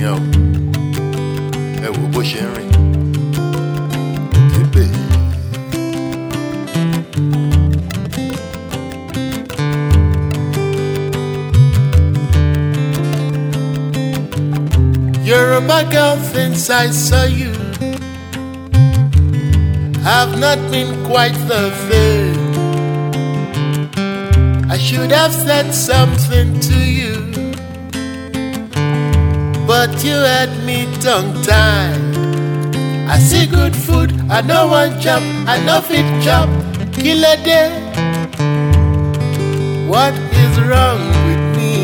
you o ẹ wò bó ṣe you girl, since I saw you, I've not been quite the same. I should have said something to you but you had me tongue tied. I see good food, I know one chop, I know fit chop, kill a day. What is wrong with me?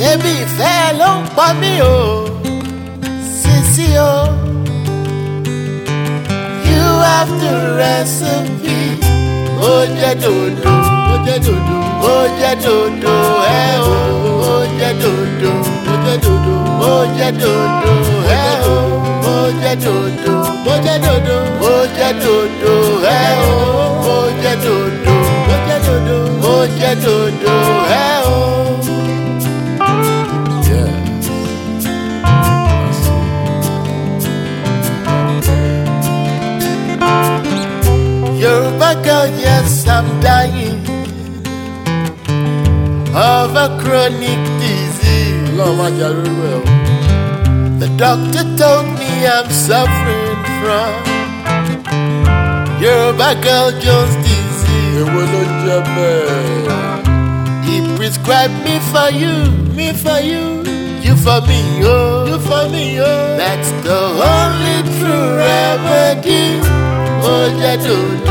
Baby, ìfẹ́ ló ń pa mí o, sisi You have the recipe. ó jẹ́ dòdò ó jẹ́ dòdò ó jẹ́ dòdò ẹ o ó jẹ́ dòdò ó jẹ́ dòdò ó jẹ́ dòdò ẹ o ó jẹ́ dòdò ó jẹ́ dòdò ó jẹ́ dòdò ẹ o ó jẹ́ dòdò ó jẹ́ dòdò ó jẹ́ dòdò. my girl, yes, I'm dying of a chronic disease. The doctor told me I'm suffering from Yoruba Girl Jones disease. He prescribed me for you, me for you, you for me, oh, you for me, oh. That's the only true remedy. Oh, yeah,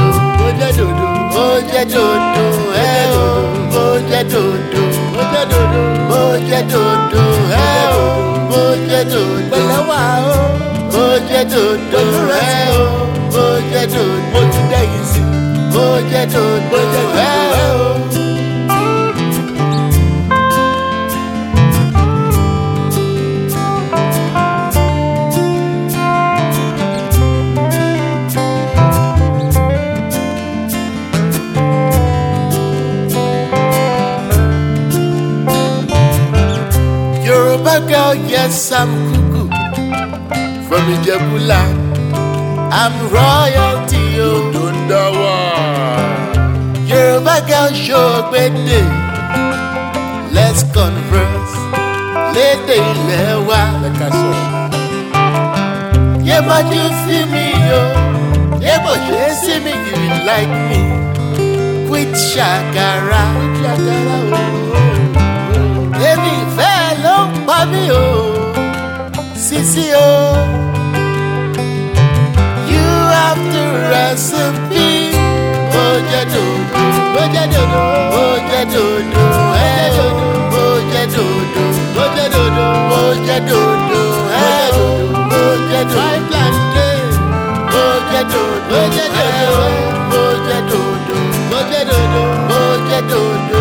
jẹ́ dòdò ó jẹ́ dòdò ẹ o ó jẹ́ dòdò ó jẹ́ dòdò ó jẹ́ dòdò ẹ o ó jẹ́ dòdò pẹ̀lẹ́ wà o ó jẹ́ ẹ o ó jẹ́ dòdò mo ti dẹ́yìn sí ó jẹ́ dòdò. yes, I'm cuckoo from Ijebula. I'm royalty, oh don't You're a girl, show day. Let's converse. Lédè ilẹ̀ wa. Yeah, but you see me, yé Yeah, but you see me, you like me. Quit ṣàgàrà. Quit ṣàgàrà o. jẹ́ dòdò ó jẹ́ dòdò ó jẹ́ dòdò ẹ́ ó jẹ́ dòdò ó jẹ́ dòdò ó jẹ́ dòdò ẹ́ ó jẹ́ dòdò five plant day ó jẹ́ dòdò ó jẹ́ dòdò ó jẹ́ dòdò ó jẹ́ dòdò ó jẹ́ dòdò.